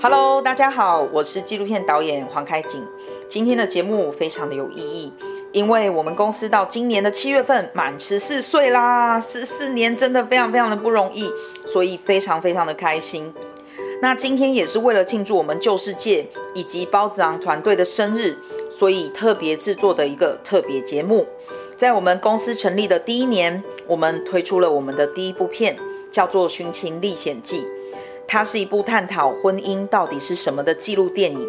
Hello，大家好，我是紀錄片導演黃開景。今天的節目非常的有意義，因為我們公司到今年的七月份滿十四歲啦，十四年真的非常非常的不容易，所以非常非常的開心。那今天也是為了慶祝我們舊視界以及孢子囊團隊的生日，所以特別製作的一個特別節目。在我們公司成立的第一年，我們推出了我們的第一部片，叫做《尋情歷險記》。它是一部探討婚姻到底是什麼的紀錄電影。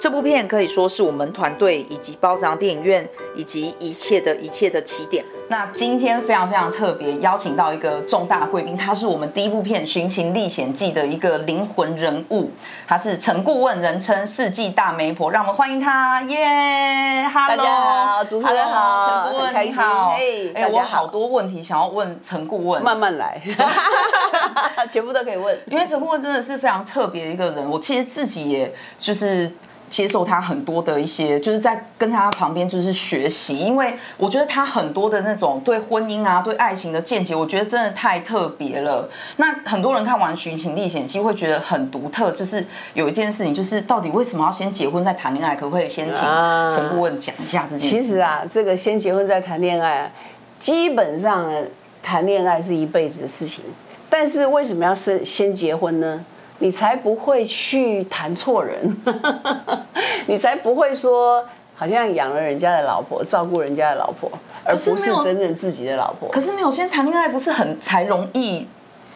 這部片可以說是我們團隊以及孢子囊電影院以及一切的一切的起點。那今天非常非常特別，邀請到一個重大貴賓，他是我們第一部片《尋情歷險記》的一個靈魂人物，他是陳顧問，人稱世紀大媒婆，讓我們歡迎他、Yeah，耶！Hello，大家好，主持人好，陳顧問你好，哎、欸，我好多問題想要問陳顧問，慢慢來， 全部都可以問，因為陳顧問真的是非常特別的一個人，我其實自己也就是。接受他很多的一些，就是在跟他旁邊就是學習，因為我覺得他很多的那種對婚姻啊、對愛情的見解，我覺得真的太特別了。那很多人看完《尋情歷險記》會覺得很獨特，就是有一件事情，就是到底為什麼要先結婚再談戀愛，啊？可不可以先請陳顧問講一下這件事？其實啊，這個先結婚再談戀愛，啊，基本上談戀愛是一輩子的事情，但是為什麼要先先結婚呢？你才不會去談錯人， 你才不會說好像養了人家的老婆，照顧人家的老婆，而不是真正自己的老婆。可是沒有，可是沒有先談戀愛，不是很才容易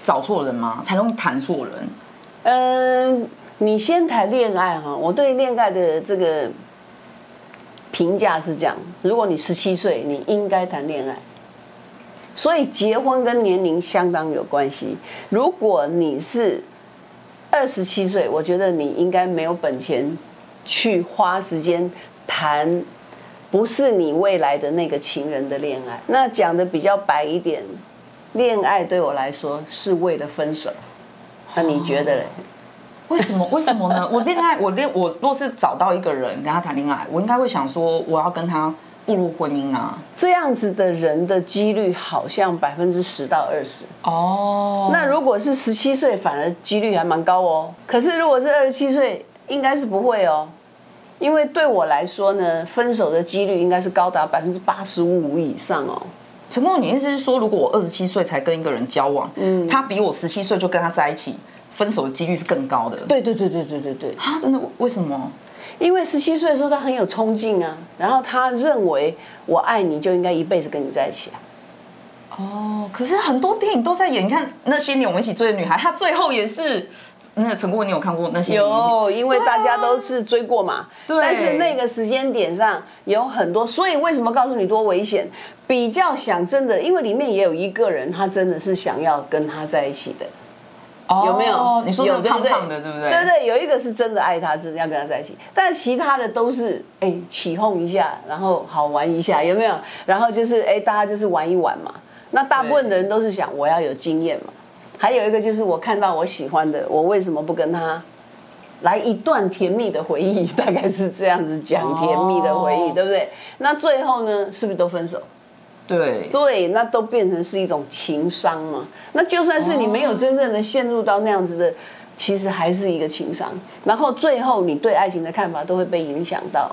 找錯人嗎？才容易談錯人。嗯，你先談戀愛哈，我對戀愛的這個評價是這樣：如果你十七歲，你應該談戀愛。所以結婚跟年齡相當有關係。如果你是二十七歲，我覺得你應該沒有本錢，去花時間談，不是你未來的那個情人的戀愛。那講得比較白一點，戀愛對我來說是為了分手。那你覺得呢、哦？為什麼？為什麼呢？我戀愛，我戀，我若是找到一個人跟他談戀愛，我應該會想說，我要跟他。步入婚姻啊，這樣子的人的幾率好像百分之十到二十哦。Oh, 那如果是十七歲，反而幾率還蠻高哦。可是如果是二十七歲，應該是不會哦，因為對我來說呢，分手的幾率應該是高達百分之八十五以上哦。陳工，你意思是說，如果我二十七歲才跟一個人交往，嗯，他比我十七歲就跟他在一起，分手的幾率是更高的？對對對對對對對。啊，真的？為什麼？因為十七歲的時候，他很有衝勁啊。然後他認為，我愛你就應該一輩子跟你在一起啊。哦，可是很多電影都在演，你看那些年我們一起追的女孩，她最後也是那個陳國文，你有看過那些？有，因為大家都是追過嘛，對啊。對。但是那個時間點上有很多，所以為什麼告訴你多危險？比較想真的，因為裡面也有一個人，他真的是想要跟他在一起的。Oh, 有沒有？你說你有胖胖的有對不對？對不對，有一個是真的愛他，是要跟他在一起，但其他的都是哎、欸、起哄一下，然後好玩一下，有沒有？然後就是哎、欸，大家就是玩一玩嘛。那大部分的人都是想我要有經驗嘛。還有一個就是我看到我喜歡的，我為什麼不跟他來一段甜蜜的回憶？大概是這樣子講、oh. 甜蜜的回憶，對不對？那最後呢，是不是都分手？對對，那都變成是一種情商嘛。那就算是你沒有真正的陷入到那樣子的，哦、其實還是一個情商。然後最後你對愛情的看法都會被影響到。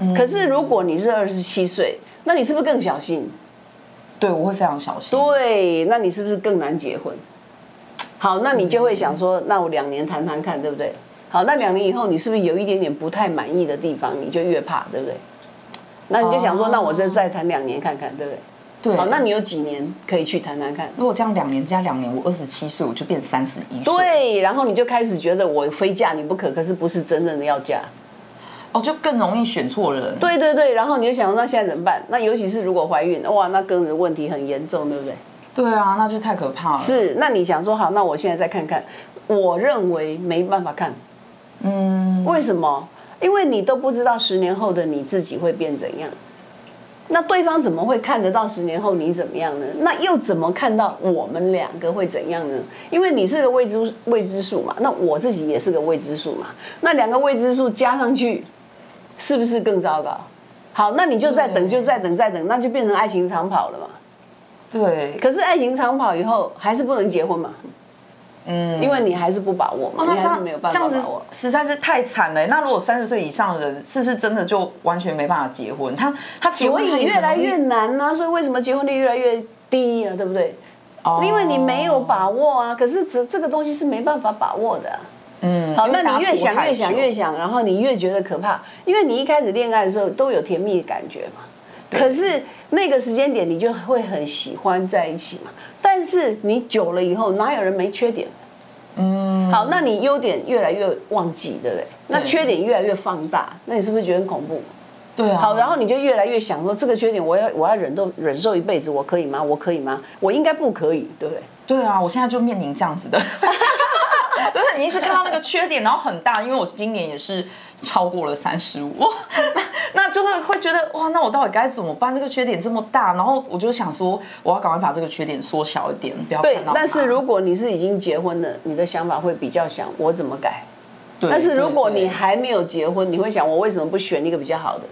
嗯、可是如果你是二十七歲，那你是不是更小心？對，我會非常小心。對，那你是不是更難結婚？好，那你就會想說，那我兩年談談看，對不對？好，那兩年以後你是不是有一點點不太滿意的地方，你就越怕，對不對？那你就想說，哦、那我再再談兩年看看，對不對？對、哦，那你有幾年可以去談談看？如果這樣兩年加兩年，我二十七歲，我就變三十一歲。對，然後你就開始覺得我非嫁你不可，可是不是真正的要嫁，哦，就更容易選錯人。對對對，然後你就想說，那現在怎麼辦？那尤其是如果懷孕，哇，那個人問題很嚴重，對不對？對啊，那就太可怕了。是，那你想說好，那我現在再看看，我認為沒辦法看。嗯，為什麼？因為你都不知道十年後的你自己會變怎樣。那對方怎麼會看得到十年後你怎麼樣呢？那又怎麼看到我們兩個會怎樣呢？因為你是個未知未知數嘛，那我自己也是個未知數嘛，那兩個未知數加上去，是不是更糟糕？好，那你就再等，就再等，再等，那就變成愛情長跑了嘛。對。可是愛情長跑以後，還是不能結婚嘛？嗯，因為你還是不把握嘛，哦，那這樣這樣子實在是太慘了。那如果三十歲以上的人，是不是真的就完全沒辦法結婚？他他所以越來越難啊，嗯，所以為什麼結婚率越來越低啊？對不對？哦，因為你沒有把握啊。可是這這個東西是沒辦法把握的啊。嗯，好，那你越想越想越想越想，嗯，然後你越覺得可怕，因為你一開始戀愛的時候都有甜蜜的感覺嘛。可是那個時間點，你就會很喜歡在一起嘛。但是你久了以後，哪有人沒缺點？嗯，好，那你優點越來越忘記，對不對？對，那缺點越來越放大，那你是不是覺得很恐怖？對啊。好，然後你就越來越想說，這個缺點我要我要忍忍受一輩子，我可以嗎？我可以嗎？我應該不可以，對不對？對啊，我現在就面臨這樣子的。 就是你一直看到那個缺點，然後很大，因為我今年也是超過了三十五，那那就是會覺得哇，那我到底該怎麼辦？這個缺點這麼大，然後我就想說，我要趕快把這個缺點縮小一點，不要看到對，但是如果你是已經結婚了，你的想法會比較想我怎麼改。對對對，但是如果你還沒有結婚，你會想我為什麼不選一個比較好的？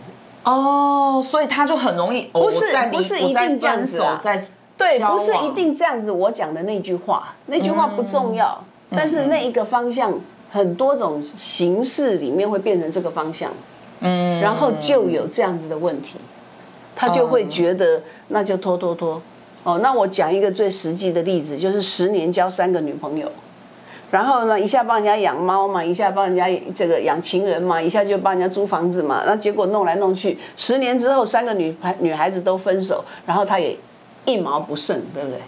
哦，所以他就很容易、哦、不是不是一定這樣子，在對不是一定這樣子。我講的那句話，那句話不重要。嗯但是那一個方向，很多種形式裡面會變成這個方向，嗯，然後就有這樣子的問題，他就會覺得那就拖拖拖。哦，那我講一個最實際的例子，就是十年交三個女朋友，然後呢一下幫人家養貓嘛，一下幫人家這個養情人嘛，一下就幫人家租房子嘛，那結果弄來弄去，十年之後三個女孩女孩子都分手，然後他也一毛不剩，對不對？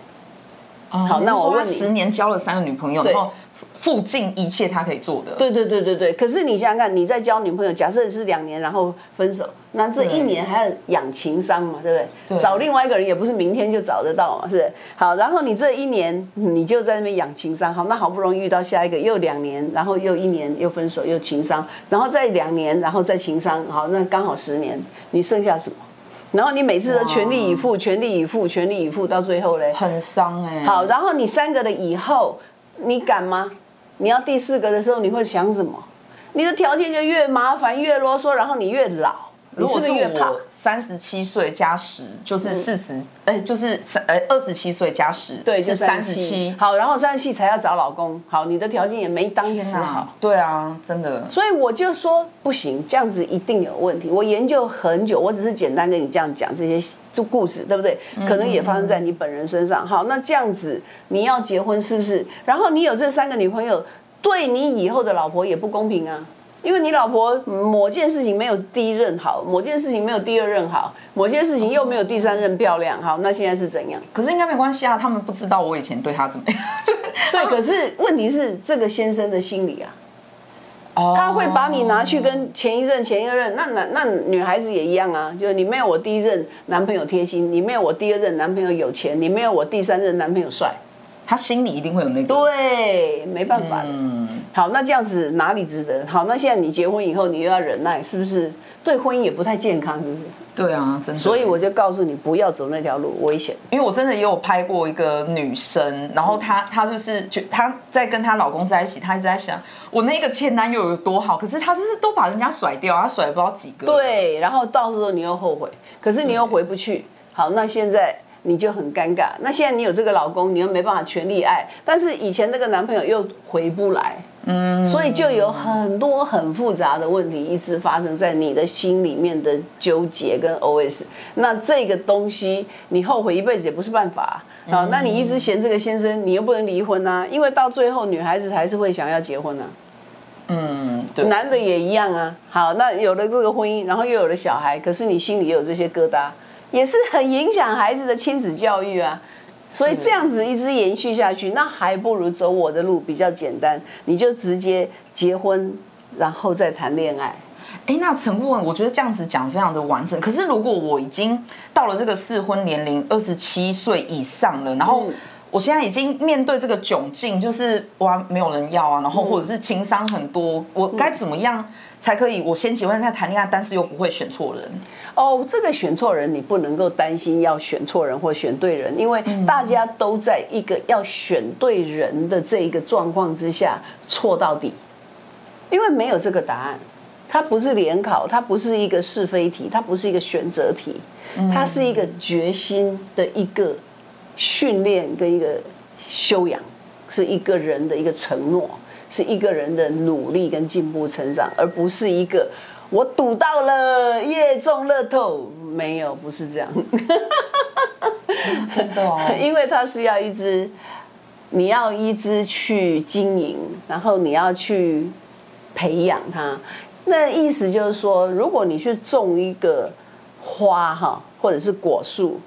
哦、好，那我問你，哦、你說我十年交了三個女朋友，然後付盡一切他可以做的。對對對對對。可是你想想看，你在交女朋友，假設是兩年，然後分手，那這一年還要養情傷嘛，對不對？對，找另外一個人也不是明天就找得到嘛，是不是？好，然後你這一年你就在那邊養情傷，好，那好不容易遇到下一個又兩年，然後又一年又分手又情傷，然後再兩年，然後再情傷，好，那剛好十年，你剩下什麼？然後你每次都全力以赴，Wow. 全力以赴，全力以赴，到最後嘞，很傷哎、欸。好，然後你三個的以後，你敢嗎？你要第四個的時候，你會想什麼？你的條件就越麻煩，越囉嗦，然後你越老。如果是，是，是，是我三十七歲加十、嗯欸，就是四十，哎、欸，就是三，二十七歲加十，對，就是三十七。好，然後三十七才要找老公。好，你的條件也沒當天好天、啊。對啊，真的。所以我就說不行，這樣子一定有問題。我研究很久，我只是簡單跟你這樣講這些這故事，對不對？可能也發生在你本人身上。好，那這樣子你要結婚是不是？然後你有這三個女朋友，對你以後的老婆也不公平啊。因為你老婆某件事情沒有第一任好，某件事情沒有第二任好，某件事情又沒有第三任漂亮，好，那現在是怎樣？可是應該沒關係啊，他們不知道我以前對他怎麼樣。對，哦、可是問題是這個先生的心理啊，他會把你拿去跟前一任、前一任。那男、那女孩子也一樣啊，就是你沒有我第一任男朋友貼心，你沒有我第二任男朋友有錢，你沒有我第三任男朋友帥，他心裡一定會有那個。對，沒辦法的。嗯好，那這樣子哪裡值得？好，那現在你結婚以後，你又要忍耐，是不是？對婚姻也不太健康，是不是？對啊，真的。所以我就告訴你，不要走那條路，危險。因為我真的也有拍過一個女生，然後她她就是，就她在跟她老公在一起，她一直在想，我那個前男友有多好，可是她就是都把人家甩掉，她甩不知道幾個。對，然後到時候你又後悔，可是你又回不去。好，那現在你就很尷尬。那現在你有這個老公，你又沒辦法全力愛，但是以前那個男朋友又回不來。嗯， 所以就有很多很複雜的問題一直發生在你的心裡面的糾結跟 OS。那這個東西你後悔一輩子也不是辦法啊。好，那你一直嫌這個先生，你又不能離婚啊，因為到最後女孩子還是會想要結婚啊。嗯，對，男的也一樣啊。好，那有了這個婚姻，然後又有了小孩，可是你心裡也有這些疙瘩，也是很影響孩子的親子教育啊。所以這樣子一直延續下去，嗯，那還不如走我的路比較簡單。你就直接結婚，然後再談戀愛。哎、欸，那陳顧問，我覺得這樣子講非常的完整。可是如果我已經到了這個適婚年齡，二十七歲以上了，然後。嗯我現在已經面對這個窘境，就是哇，沒有人要啊，然後或者是情商很多，嗯、我該怎麼樣才可以？我先結婚再談戀愛，但是又不會選錯人。哦，這個選錯人，你不能夠擔心要選錯人或選對人，因為大家都在一個要選對人的這一個狀況之下、嗯，錯到底，因為沒有這個答案，它不是聯考，它不是一個是非題，它不是一個選擇題，它是一個決心的一個。嗯訓練跟一個修養，是一個人的一個承諾，是一個人的努力跟進步成長，而不是一個我賭到了夜中、yeah, 樂透沒有，不是這樣。 哦、真的哦，因為它是要一直，你要一直去經營，然後你要去培養它。那意思就是說，如果你去種一個花哈，或者是果樹。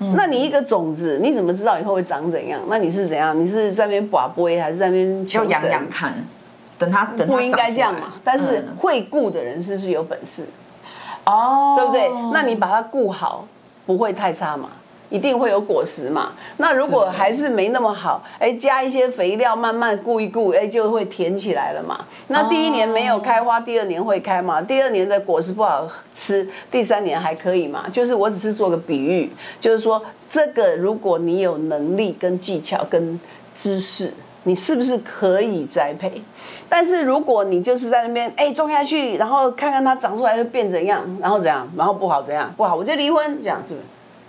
那你一個種子，你怎麼知道以後會長怎樣？那你是怎樣？你是在那邊拔杯還是在那邊求？要養養看，等它等他不應該這樣嘛、嗯。但是會顧的人是不是有本事？哦、嗯，對不對？那你把它顧好，不會太差嘛。一定會有果實嘛？那如果還是沒那麼好，哎，加一些肥料，慢慢顧一顧，哎，就會甜起來了嘛。那第一年沒有開花，第二年會開嘛？第二年的果實不好吃，第三年還可以嘛？就是我只是做個比喻，就是說這個如果你有能力、跟技巧、跟知識，你是不是可以栽培？但是如果你就是在那邊，哎，種下去，然後看看它長出來會變怎樣，然後怎樣，然後不好怎樣不好，我就離婚，這樣是不是？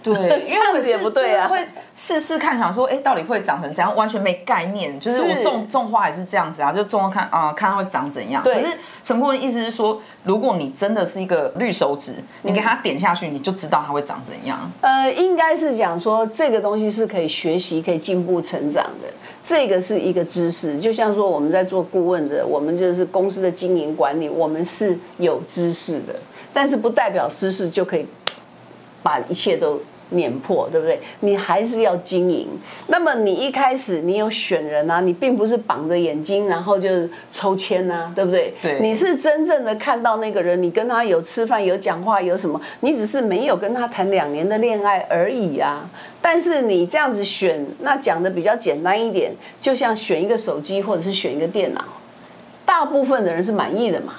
對，因為我覺得不對啊。會試試看，想說，哎，到底會長成怎樣？完全沒概念。就是我種種花也是這樣子啊，就種種看啊、呃，看它會長怎樣。可是成功的意思是說，如果你真的是一個綠手指，你給它點下去，你就知道它會長怎樣。嗯、呃，應該是講說，這個東西是可以學習、可以進步、成長的。這個是一個知識，就像說我們在做顧問的，我們就是公司的經營管理，我們是有知識的，但是不代表知識就可以把一切都。碾破，對不對？你還是要經營。那麼你一開始你有選人啊，你並不是綁着眼睛然後就抽籤啊，對不對？對，你是真正的看到那個人，你跟他有吃飯、有講話、有什麼，你只是沒有跟他談兩年的戀愛而已啊。但是你這樣子選，那講的比較簡單一點，就像選一個手機或者是選一個電腦，大部分的人是滿意的嘛。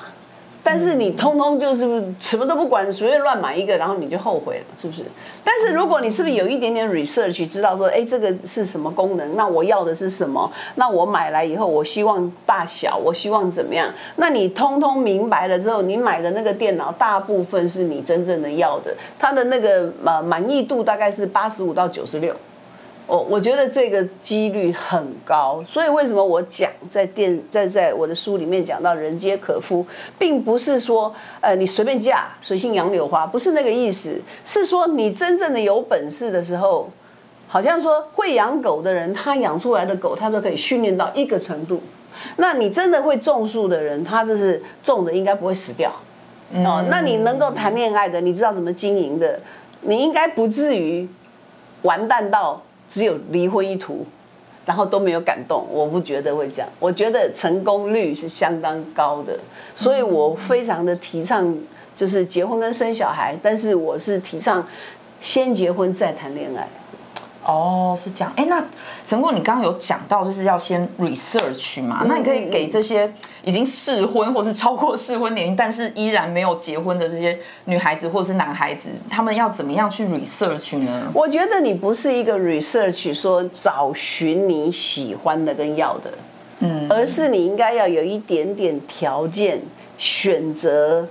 但是你通通就是什麼都不管，隨便亂買一個，然後你就後悔了，是不是？但是如果你是不是有一點點 research 知道說，哎、欸，這個是什麼功能？那我要的是什麼？那我買來以後，我希望大小，我希望怎麼樣？那你通通明白了之後，你買的那個電腦，大部分是你真正的要的，它的那個呃滿意度大概是八十五到九十六。我、oh, 我覺得這個幾率很高，所以為什麼我講在電在在我的書裡面講到人皆可夫，並不是說呃你隨便嫁水性楊柳花，不是那個意思，是說你真正的有本事的時候，好像說會養狗的人，他養出來的狗，他都可以訓練到一個程度。那你真的會種樹的人，他就是種的應該不會死掉。哦、嗯，oh, 那你能夠談戀愛的，你知道怎麼經營的，你應該不至於完蛋到只有離婚一途，然後都沒有感動。我不覺得會這樣，我覺得成功率是相當高的，所以我非常的提倡就是結婚跟生小孩，但是我是提倡先結婚再談戀愛。哦，是這樣。哎，那陳果，你剛剛有講到就是要先 research 嘛？那你可以給這些已經適婚或是超過適婚年齡，但是依然沒有結婚的這些女孩子或者是男孩子，他們要怎麼樣去 research 呢？我覺得你不是一個 research 說找尋你喜歡的跟要的，嗯，而是你應該要有一點點條件選擇。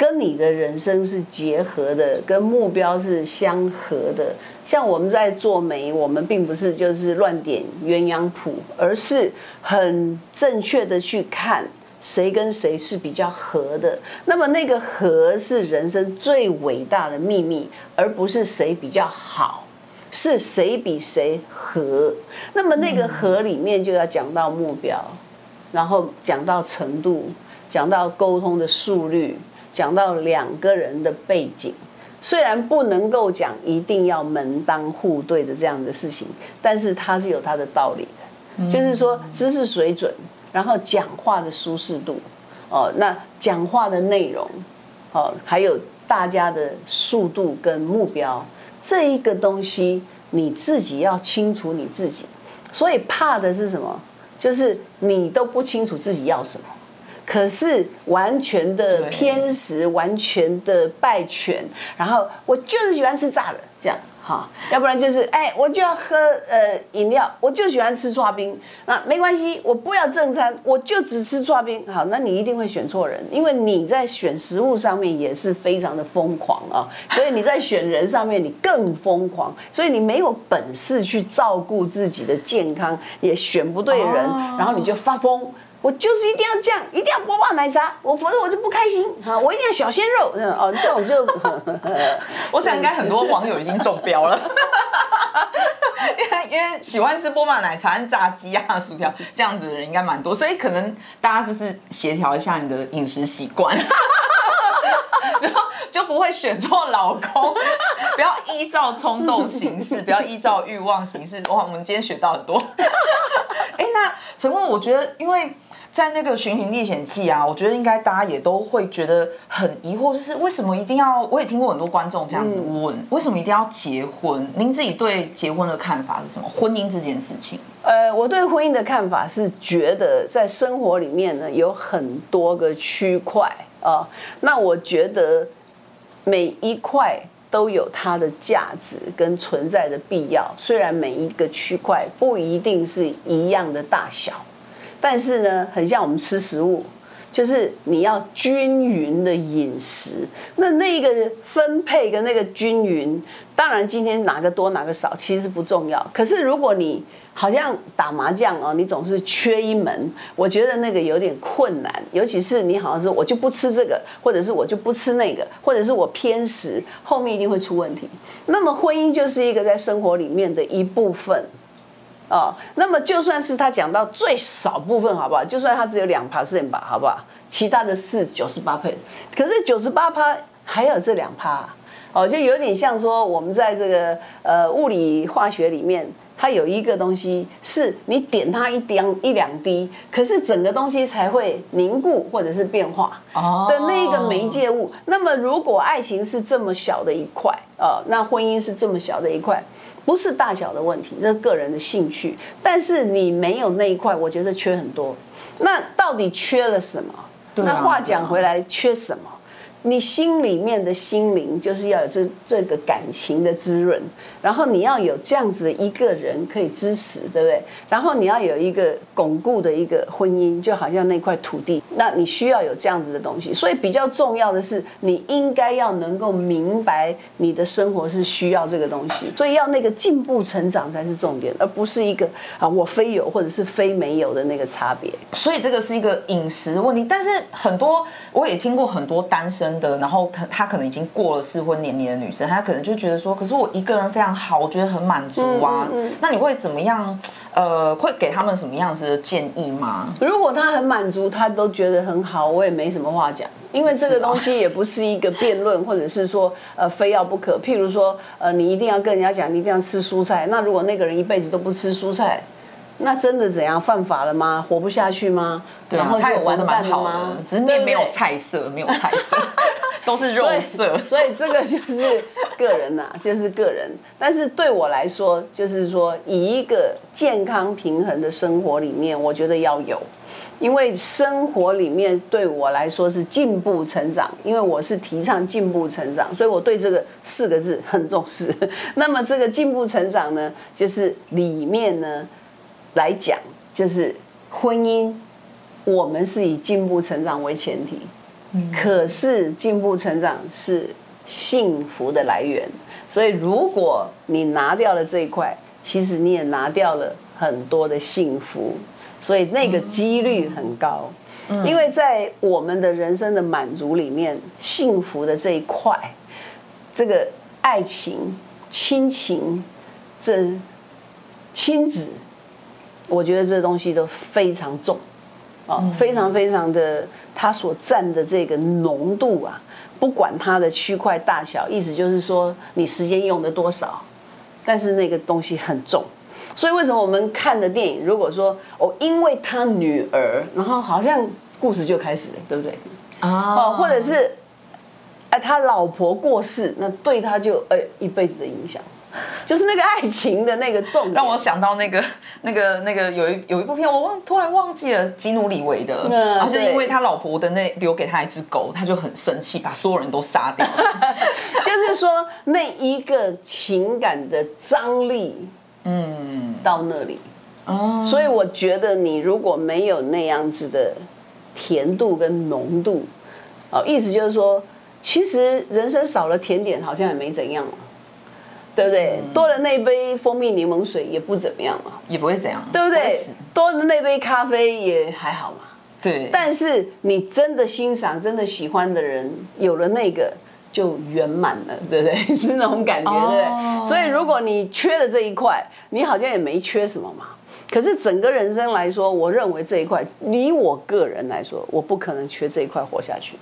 跟你的人生是結合的，跟目標是相合的。像我們在做媒，我們並不是就是亂點鴛鴦譜，而是很正確的去看誰跟誰是比較合的。那麼那個合是人生最偉大的祕密，而不是誰比較好，是誰比誰合。那麼那個合裡面就要講到目標，然後講到程度，講到溝通的速率。講到兩個人的背景，雖然不能夠講一定要門當戶對的這樣的事情，但是它是有它的道理的。嗯、就是說，知識水準，然後講話的舒適度，哦，那講話的內容，哦，還有大家的速度跟目標，這一個東西你自己要清楚你自己。所以怕的是什麼？就是你都不清楚自己要什麼。可是完全的偏食，完全的敗犬。然後我就是喜歡吃炸的，這樣哈，要不然就是哎，我就要喝呃飲料，我就喜歡吃抓冰。那沒關係，我不要正餐，我就只吃抓冰。好，那你一定會選錯人，因為你在選食物上面也是非常的瘋狂啊，哦，所以你在選人上面你更瘋狂，所以你沒有本事去照顧自己的健康，也選不對人，哦，然後你就發瘋。我就是一定要這樣，一定要波霸奶茶，我否則我就不開心哈！我一定要小鮮肉，嗯哦，這樣我就。呵呵 我想應該很多網友已經中標了， 因為因為喜歡吃波霸奶茶、炸雞啊、薯條這樣子的人應該蠻多，所以可能大家就是協調一下你的飲食習慣， 就就不會選錯老公，不要依照衝動行事，不要依照欲望行事。哇，我們今天學到很多。哎、 欸，那陳顧問，我覺得因為。在那個《尋情歷險記》啊，我覺得應該大家也都會覺得很疑惑，就是為什麼一定要？我也聽過很多觀眾這樣子問、嗯：為什麼一定要結婚？您自己對結婚的看法是什麼？婚姻這件事情？呃，我對婚姻的看法是，覺得在生活裡面呢，有很多個區塊啊，那我覺得每一塊都有它的價值跟存在的必要，雖然每一個區塊不一定是一樣的大小。但是呢，很像我們吃食物，就是你要均勻的飲食。那那個分配跟那個均勻，當然今天哪個多哪個少其實不重要。可是如果你好像打麻將哦，你總是缺一門，我覺得那個有點困難。尤其是你好像說我就不吃這個，或者是我就不吃那個，或者是我偏食，後面一定會出問題。那麼婚姻就是一個在生活裡面的一部分。哦，那麼就算是他講到最少部分，好不好？就算他只有兩趴森吧，好不好？其他的是九十八趴，可是九十八趴還有這兩趴，哦，就有點像說我們在這個呃物理化學裡面，它有一個東西是你點它一點一兩滴，可是整個東西才會凝固或者是變化、哦、的那一個媒介物。那麼如果愛情是這麼小的一塊，哦，那婚姻是這麼小的一塊。不是大小的問題，那、就是、個人的興趣，但是你沒有那一塊，我覺得缺很多。那到底缺了什麼？啊、那話講回來，缺什麼？你心裡面的心靈，就是要有這這個感情的滋潤，然後你要有這樣子的一個人可以支持，對不對？然後你要有一個鞏固的一個婚姻，就好像那塊土地，那你需要有這樣子的東西。所以比較重要的是，你應該要能夠明白你的生活是需要這個東西，所以要那個進步成長才是重點，而不是一個啊我非有或者是非沒有的那個差別。所以這個是一個飲食問題，但是很多我也聽過很多單身。真的，然後他他可能已經過了適婚年齡的女生，他可能就覺得說，可是我一個人非常好，我覺得很滿足啊。嗯嗯。那你會怎麼樣？呃，會給他們什麼樣子的建議嗎？如果他很滿足，他都覺得很好，我也沒什麼話講。因為這個東西也不是一個辯論，或者是說呃非要不可。譬如說呃，你一定要跟人家講，你一定要吃蔬菜。那如果那個人一輩子都不吃蔬菜……那真的怎樣犯法了嗎？活不下去嗎？對，然後他有玩的蠻好嗎、啊？只是面，沒有菜色， 沒有菜色，都是肉色，所以，所以這個就是個人吶、啊，就是個人。但是對我來說，就是說以一個健康平衡的生活裡面，我覺得要有，因為生活裡面對我來說是進步成長，因為我是提倡進步成長，所以我對這個四個字很重視。那麼這個進步成長呢，就是裡面呢。來講，就是婚姻，我們是以進步成長為前提。嗯。可是進步成長是幸福的來源，所以如果你拿掉了這一塊，其實你也拿掉了很多的幸福。所以那個幾率很高。嗯。因為在我們的人生的滿足裡面，幸福的這一塊，這個愛情、親情、這親子。我覺得這東西都非常重，啊、哦，非常非常的，它所佔的這個濃度啊，不管它的區塊大小，意思就是說，你時間用的多少，但是那個東西很重，所以為什麼我們看的電影，如果說哦，因為他女兒，然後好像故事就開始了，對不對？啊、哦，或者是，哎，他老婆過世，那對他就，哎，一輩子的影響。就是那個愛情的那個重點，讓我想到那個、那個、那個，有一有一部片，我忘突然忘記了基努里維的，而、嗯、且因為他老婆的那留給他一隻狗，他就很生氣，把所有人都殺掉了。 就是說那一個情感的張力，嗯，到那裡哦，所以我覺得你如果沒有那樣子的甜度跟濃度，哦，意思就是說，其實人生少了甜點，好像也沒怎樣了。對不對？多了那杯蜂蜜檸檬水也不怎麼樣嘛，也不會怎樣，對不對？多的那杯咖啡也還好嘛。對。但是你真的欣賞、真的喜歡的人，有了那個就圓滿了，對不對？是那種感覺，哦、對不對？所以如果你缺了這一塊，你好像也沒缺什麼嘛。可是整個人生來說，我認為這一塊，以我個人來說，我不可能缺這一塊活下去。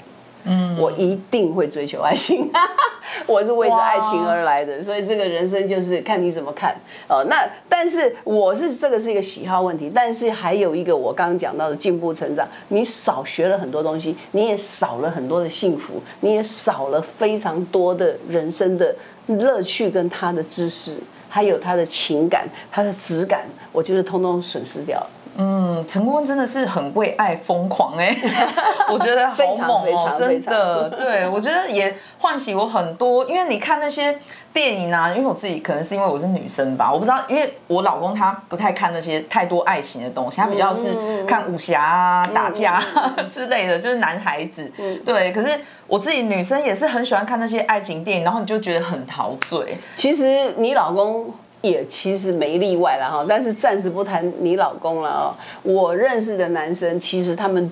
嗯， 我一定會追求愛情， 我是為了愛情而來的，所以這個人生就是看你怎麼看哦、呃。那但是我是這個是一個喜好問題，但是還有一個我剛剛講到的進步成長，你少學了很多東西，你也少了很多的幸福，你也少了非常多的人生的樂趣，跟他的知識，還有他的情感，他的質感，我就是通通損失掉了。嗯，陳坤真的是很為愛瘋狂哎、欸， 我覺得好猛哦、喔，真的，非常非常，對，我覺得也喚起我很多。因為你看那些電影啊，因為我自己可能是因為我是女生吧，我不知道，因為我老公他不太看那些太多愛情的東西，他比較是看武俠啊、 打架之類的，就是男孩子。對，可是我自己女生也是很喜歡看那些愛情電影，然後你就覺得很陶醉。其實你老公。也其實沒例外啦哈，但是暫時不談你老公了哦。我認識的男生，其實他們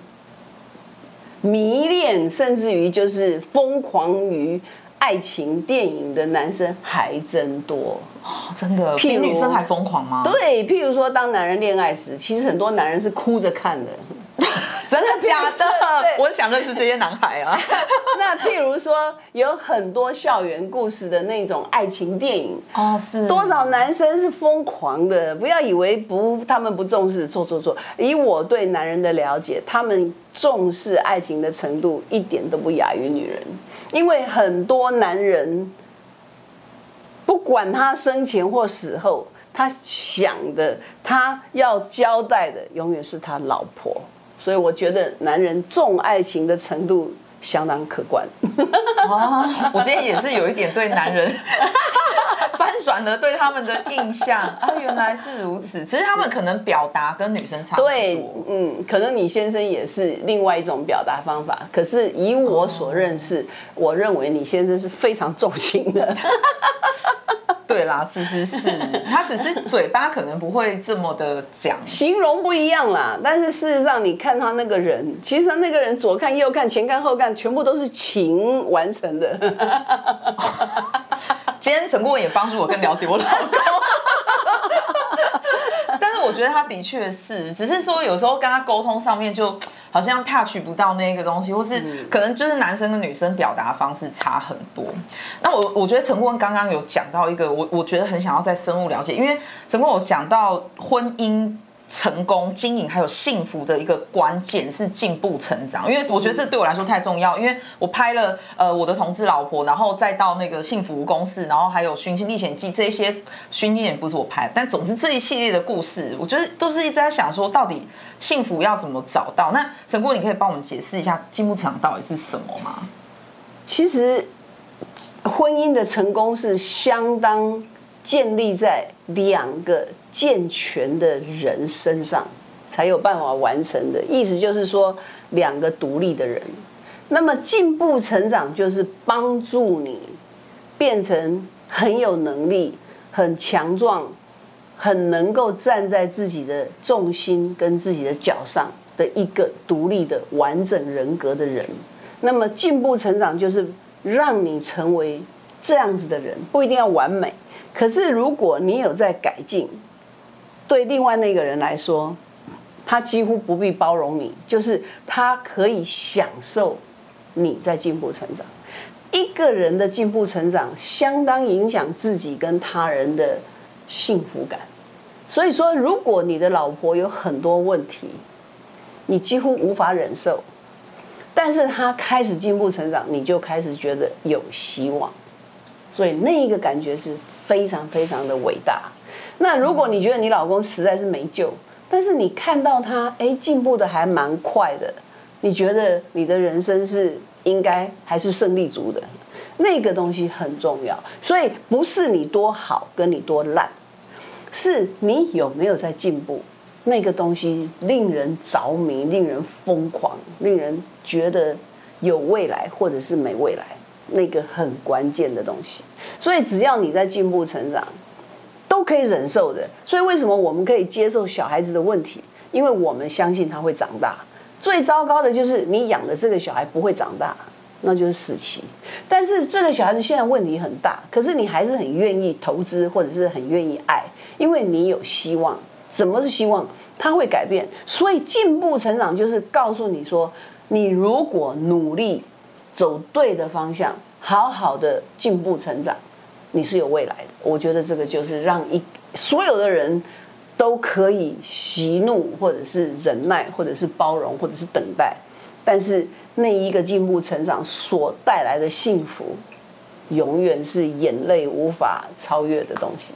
迷戀甚至於就是瘋狂於愛情電影的男生還真多。哦、真的，比女生還瘋狂嗎？對，譬如說，當男人戀愛時，其實很多男人是哭着看的， 真的假的？我想認識這些男孩啊。 那譬如說，有很多校園故事的那種愛情電影，哦、啊，是，多少男生是瘋狂的？不要以為不，他們不重視，做做做。以我對男人的了解，他們重視愛情的程度一點都不亞於女人，因為很多男人。不管他生前或死後，他想的、他要交代的，永遠是他老婆。所以我覺得，男人重愛情的程度，相當可觀。 我今天也是有一點對男人 翻轉了對他們的印象、啊。原來是如此，只是他們可能表達跟女生差不多。對，嗯，可能你先生也是另外一種表達方法。可是以我所認識、哦，我認為你先生是非常重情的、哦。 對啦，其實是，他只是嘴巴可能不會這麼的講， 形容不一樣啦。但是事實上，你看他那個人，其實他那個人左看右看，前看後看，全部都是情完成的。 今天陳顧問也幫助我更了解我老公。 我覺得他的確是，只是說有時候跟他溝通上面就好像 touch 不到那個東西，或是可能就是男生跟女生表達方式差很多。那我我覺得陳坤剛剛有講到一個，我我覺得很想要再深入了解，因為陳坤有講到婚姻。成功、經營還有幸福的一個關鍵是進步成長，因為我覺得這對我來說太重要。因為我拍了呃我的同志老婆，然後再到那個幸福公司，然後還有尋情歷險記這一些尋情也不是我拍，但總之這一系列的故事，我覺得都是一直在想說，到底幸福要怎麼找到？那陳顧，你可以幫我們解釋一下進步成長到底是什麼嗎？其實，婚姻的成功是相當建立在兩個。健全的人身上才有辦法完成的意思，就是說兩個獨立的人，那麼進步成長就是幫助你變成很有能力、很強壯、很能夠站在自己的重心跟自己的腳上的一個獨立的完整人格的人。那麼進步成長就是讓你成為這樣子的人，不一定要完美，可是如果你有在改進。對另外那個人來說，他幾乎不必包容你，就是他可以享受你在進步成長。一個人的進步成長，相當影響自己跟他人的幸福感。所以說，如果你的老婆有很多問題，你幾乎無法忍受，但是他開始進步成長，你就開始覺得有希望。所以那一個感覺是非常非常的偉大。那如果你覺得你老公實在是沒救，但是你看到他哎進步的還蠻快的，你覺得你的人生是應該還是勝利組的？那個東西很重要，所以不是你多好跟你多爛，是你有沒有在進步？那個東西令人着迷，令人瘋狂，令人覺得有未來或者是沒未來，那個很關鍵的東西。所以只要你在進步成長，都可以忍受的，所以為什麼我們可以接受小孩子的問題？因為我們相信他會長大。最糟糕的就是你養的這個小孩不會長大，那就是死期。但是這個小孩子現在問題很大，可是你還是很願意投資或者是很願意愛，因為你有希望。什麼是希望？他會改變。所以進步成長就是告訴你說，你如果努力走對的方向，好好的進步成長。你是有未來的，我覺得這個就是讓一所有的人都可以息怒，或者是忍耐，或者是包容，或者是等待。但是那一個進步成長所帶來的幸福，永遠是眼淚無法超越的東西。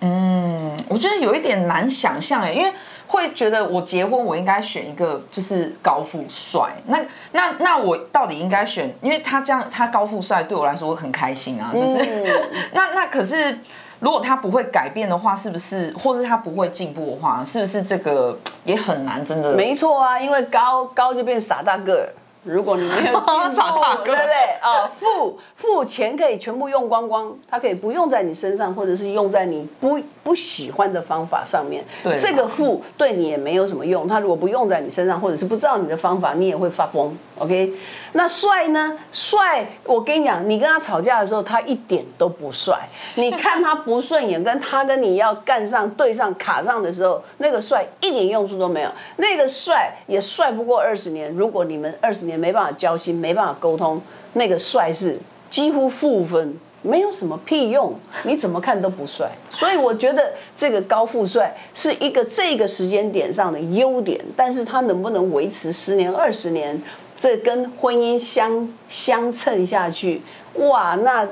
嗯，我覺得有一點難想象耶，因為。會覺得我結婚，我應該選一個就是高富帥。那那那我到底應該選？因為他這樣，他高富帥對我來說我很開心啊。就是、嗯、 那那可是，如果他不會改變的話，是不是？或者他不會進步的話，是不是這個也很難？真的沒錯啊，因為高高就變傻大個。如果你沒有進步 傻大哥對不對啊？富、哦、付、付錢可以全部用光光，他可以不用在你身上，或者是用在你不。不喜歡的方法上面，這個富對你也沒有什麼用。他如果不用在你身上，或者是不知道你的方法，你也會發瘋。OK，那帥呢？帥，我跟你講，你跟他吵架的時候，他一點都不帥。你看他不順眼， 跟他跟你要幹上、對上、卡上的時候，那個帥一點用處都沒有。那個帥也帥不過二十年。如果你們二十年沒辦法交心、沒辦法溝通，那個帥是幾乎負分。沒有什麼屁用，你怎麼看都不帥。所以我覺得這個高富帥是一個這個時間點上的優點，但是他能不能維持十年二十年，這跟婚姻相相稱下去，哇，那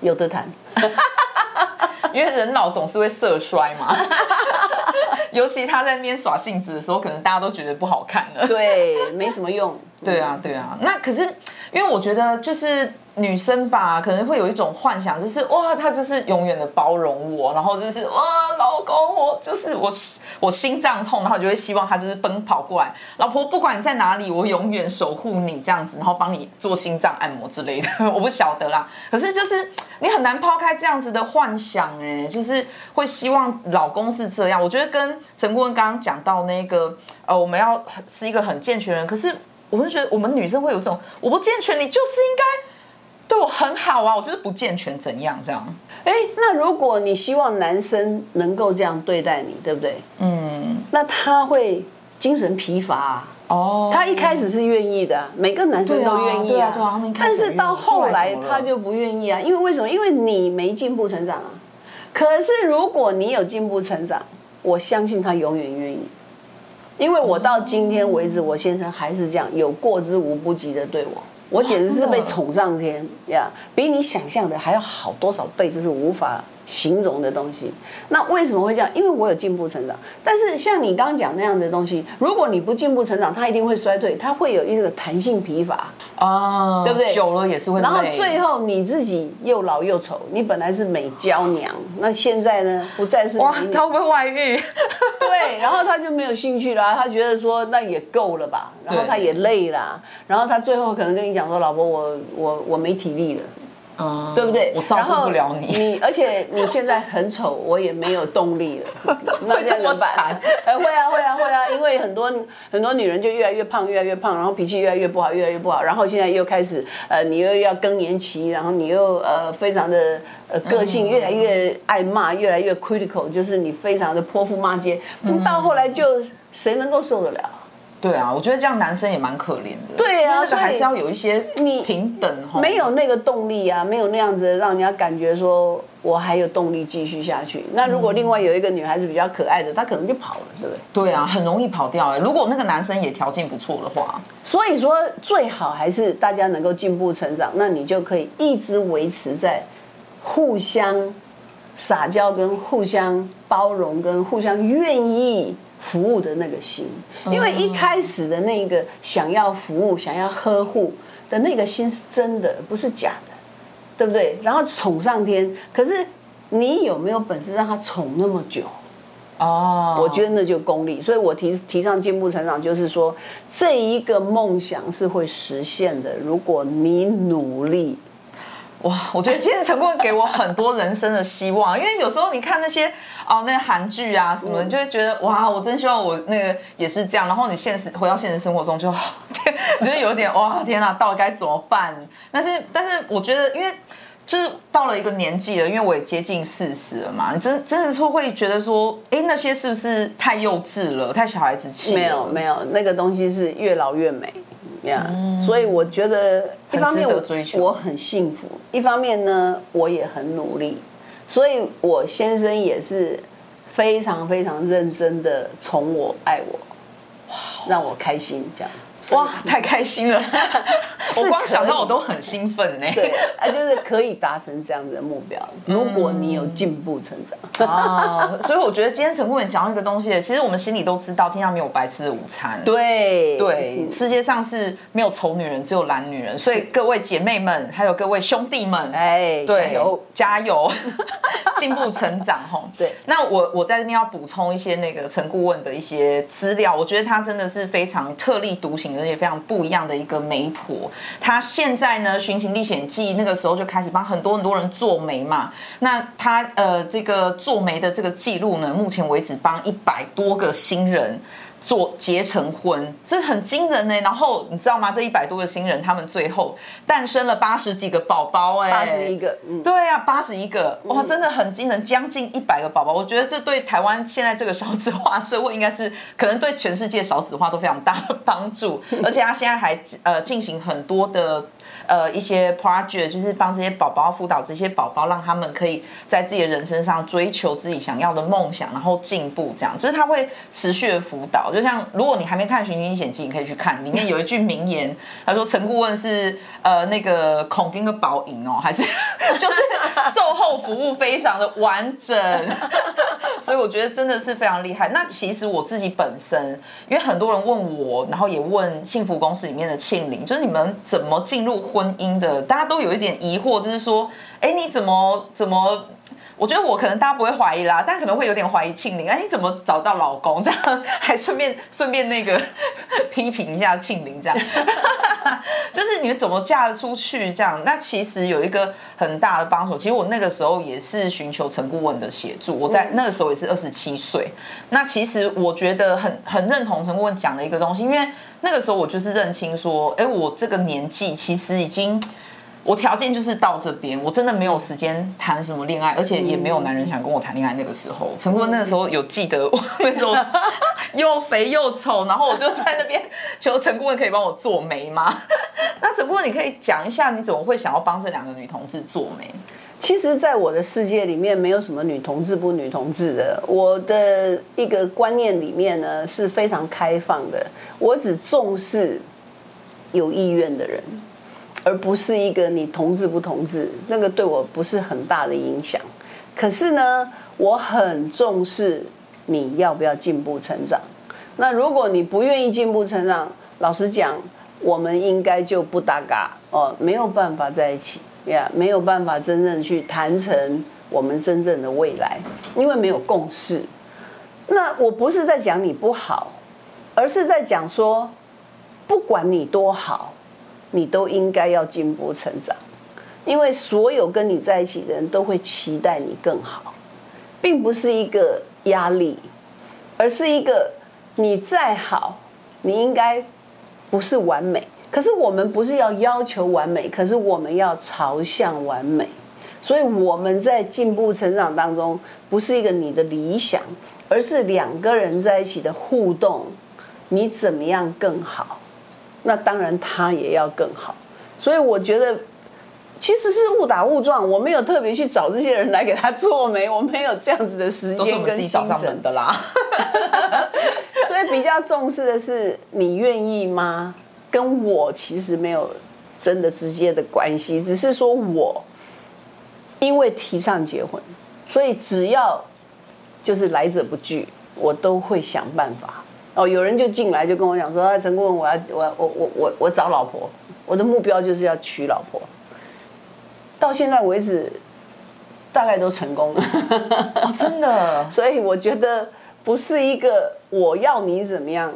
有得談。 因為人老總是會色衰嘛， 尤其他在那邊耍性子的時候，可能大家都覺得不好看了。對，沒什麼用。 對啊，對啊。那可是。因為我覺得就是女生吧，可能會有一種幻想，就是哇，她就是永遠的包容我，然後就是哇，老公，我就是我，我心臟痛，然後就會希望他就是奔跑過來，老婆，不管你在哪裡，我永遠守護你，這樣子，然後幫你做心臟按摩之類的，我不曉得啦。可是就是你很難拋開這樣子的幻想，欸，哎，就是會希望老公是這樣。我覺得跟陳顧問剛剛講到那個，呃，我們要是一個很健全的人，可是。我們覺得我們女生會有這種我不健全，你就是應該對我很好啊，我就是不健全，怎樣這樣？哎、欸，那如果你希望男生能夠這樣對待你，對不對？嗯，那他會精神疲乏、啊、哦。他一開始是願意的、嗯，每個男生都願意啊，對啊，對啊，對啊，他一開始有願意，但是到後來他就不願意啊，因為為什麼？因為你沒進步成長啊。可是如果你有進步成長，我相信他永遠願意。因為我到今天為止，我先生還是這樣，有過之無不及的對我，我簡直是被寵上天呀，比你想象的還要好多少倍，就是無法。形容的東西，那為什麼會這樣？因為我有進步成長。但是像你剛剛講那樣的東西，如果你不進步成長，它一定會衰退，它會有一個彈性疲乏啊、哦，對不對？久了也是會。然後最後你自己又老又醜，你本來是美嬌娘，那現在呢不再是。哇，他會外遇？ 對，然後他就沒有興趣啦、啊，他覺得說那也夠了吧，然後他也累了、啊，然後他最後可能跟你講說：“老婆我，我我我沒體力了。”嗯，對不對？我照顧不了你，你，你而且你現在很醜，我也沒有動力了。 會這麼慘？哎，會啊，會啊，會啊！因為很多很多女人就越來越胖，越來越胖，然後脾氣越來越不好，越來越不好。然後現在又開始呃，你又要更年期，然後你又呃，非常的呃，個性越來越愛罵，越來越 critical，就是你非常的潑婦罵街。嗯嗯，到後來就誰能夠受得了？對啊，我覺得這樣男生也蠻可憐的。對啊，那個還是要有一些平等哈，沒有那個動力啊，沒有那樣子讓人家感覺說我還有動力繼續下去，嗯。那如果另外有一個女孩子比較可愛的，她可能就跑了，對不對？對啊，很容易跑掉欸。如果那個男生也條件不錯的話，所以說最好還是大家能夠進步成長，那你就可以一直維持在互相撒嬌、跟互相包容、跟互相願意服務的那個心，因為一開始的那個想要服務、想要呵護的那個心是真的，不是假的，對不對？然後寵上天，可是你有沒有本事讓他寵那麼久？哦，我覺得那就功利。所以我提提倡進步成長，就是說這一個夢想是會實現的，如果你努力。哇，我覺得今天陳顧問給我很多人生的希望， 因為有時候你看那些哦，那個韓劇啊什麼的，你就會覺得哇，我真希望我那個也是這樣。然後你現實回到現實生活中就，哦、你就好。我覺得有點哇，天哪，啊，到底該怎麼辦？但是但是，我覺得因為就是到了一個年紀了，因為我也接近四十了嘛，你真真的是會覺得說，哎、欸，那些是不是太幼稚了，太小孩子氣？沒有沒有，那個東西是越老越美。Yeah, 嗯、所以我覺得一方面我很我很幸福，一方面呢，我也很努力，所以我先生也是非常非常認真的寵我、愛我，讓我開心這樣。哇，太開心了！ 我光想到我都很興奮呢。對，啊，就是可以達成這樣子的目標。嗯、如果你有進步成長，啊，所以我覺得今天陳顧問講到一個東西，其實我們心裡都知道，天下沒有白吃的午餐。對對、嗯，世界上是沒有醜女人，只有懶女人。所以各位姐妹們，還有各位兄弟們，哎，加油，加油，進 步成長吼。對，那我我在這邊要補充一些那個陳顧問的一些資料。我覺得她真的是非常特立獨行的。而且非常不一樣的一個媒婆，她現在呢，《尋情歷險記》那個時候就開始幫很多很多人做媒嘛。那她呃，這個做媒的這個記錄呢，目前為止幫一百多個新人。做結成婚，這很驚人呢、欸。然後你知道嗎？這一百多個新人，他們最後誕生了八十幾個寶寶、欸，哎，八十一個，嗯，對啊，八十一個，哇，真的很驚人，將近一百個寶寶。我覺得這對台灣現在這個少子化社會，應該是可能對全世界少子化都非常大的幫助。而且他現在還呃進行很多的。呃，一些 project 就是幫這些寶寶輔導這些寶寶，讓他們可以在自己的人生上追求自己想要的夢想，然後進步這樣。就是他會持續的輔導，就像如果你還沒看《尋情歷險記》，你可以去看，裡面有一句名言，他說：“陳顧問是呃那個孔丁的寶影哦，還是就是售後服務非常的完整。 ”所以我覺得真的是非常厲害。那其實我自己本身，因為很多人問我，然後也問幸福公司裡面的慶玲，就是你們怎麼進入婚姻的？大家都有一點疑惑，就是說，誒，你怎麼怎麼？我覺得我可能大家不會懷疑啦，但可能會有點懷疑慶玲。啊、欸，你怎麼找到老公？這樣還順便順便那個批評一下慶玲，這樣 就是你們怎麼嫁得出去？這樣。那其實有一個很大的幫手。其實我那個時候也是尋求陳顧問的協助、嗯。我在那個時候也是二十七歲。那其實我覺得很很認同陳顧問講的一個東西，因為那個時候我就是認清說，哎、欸，我這個年紀其實已經。我條件就是到這邊，我真的沒有時間談什麼戀愛，而且也沒有男人想跟我談戀愛。那個時候，陳、嗯、顧問那個時候有記得我那時候又肥又醜，然後我就在那邊求陳顧問，可以幫我做媒嗎？那陳顧問，你可以講一下你怎麼會想要幫這兩個女同志做媒？其實，在我的世界裡面，沒有什麼女同志不女同志的。我的一個觀念裡面呢，是非常開放的，我只重視有意願的人。而不是一個你同志不同志，那個對我不是很大的影響。可是呢，我很重視你要不要進步成長。那如果你不願意進步成長，老實講，我們應該就不搭嘎哦，沒有辦法在一起呀，沒有辦法真正去談成我們真正的未來，因為沒有共識。那我不是在講你不好，而是在講說，不管你多好。你都應該要進步成長，因為所有跟你在一起的人都會期待你更好，並不是一個壓力，而是一個你再好，你應該不是完美。可是我們不是要要求完美，可是我們要朝向完美。所以我們在進步成長當中，不是一個你的理想，而是兩個人在一起的互動，你怎麼樣更好？那當然，他也要更好，所以我覺得其實是誤打誤撞，我沒有特別去找這些人來給他做媒，我沒有這樣子的時間跟精神，都是我們自己找上門的啦。 所以比較重視的是你願意嗎？跟我其實沒有真的直接的關係，只是說我因為提倡結婚，所以只要就是來者不拒，我都會想辦法。哦，有人就進來就跟我講說，啊，陳顧問，我要我我我我我找老婆，我的目標就是要娶老婆，到現在為止大概都成功了。哦，真的， 所以我覺得不是一個我要你怎麼樣，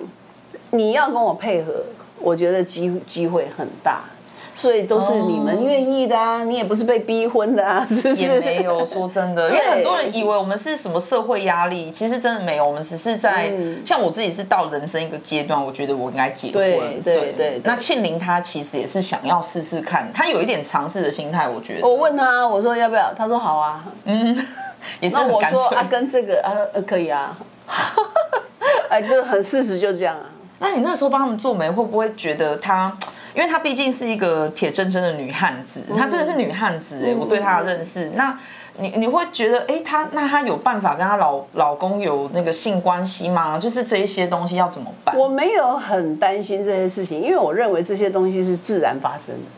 你要跟我配合，我覺得機機會很大。所以都是你們願意的啊。嗯，你也不是被逼婚的啊，是不是？也沒有說真的，因為很多人以為我們是什麼社會壓力，其實真的沒有，我們只是在、嗯、像我自己是到人生一個階段，我覺得我應該結婚。對對對，對，那慶玲她其實也是想要試試看，她有一點嘗試的心態，我覺得。我問她，我說要不要？她說好啊。嗯，也是很乾脆。那我說啊，跟這個啊，啊，可以啊。 哎，這個很事實就這樣啊。那你那時候幫他們做媒，會不會覺得他？因為她畢竟是一個鐵錚錚的女漢子，她、嗯、真的是女漢子哎、欸嗯，我對她的認識。嗯、那你你會覺得，哎、欸，她那她有辦法跟她老老公有那個性關係嗎？就是這一些東西要怎麼辦？我沒有很擔心這些事情，因為我認為這些東西是自然發生的，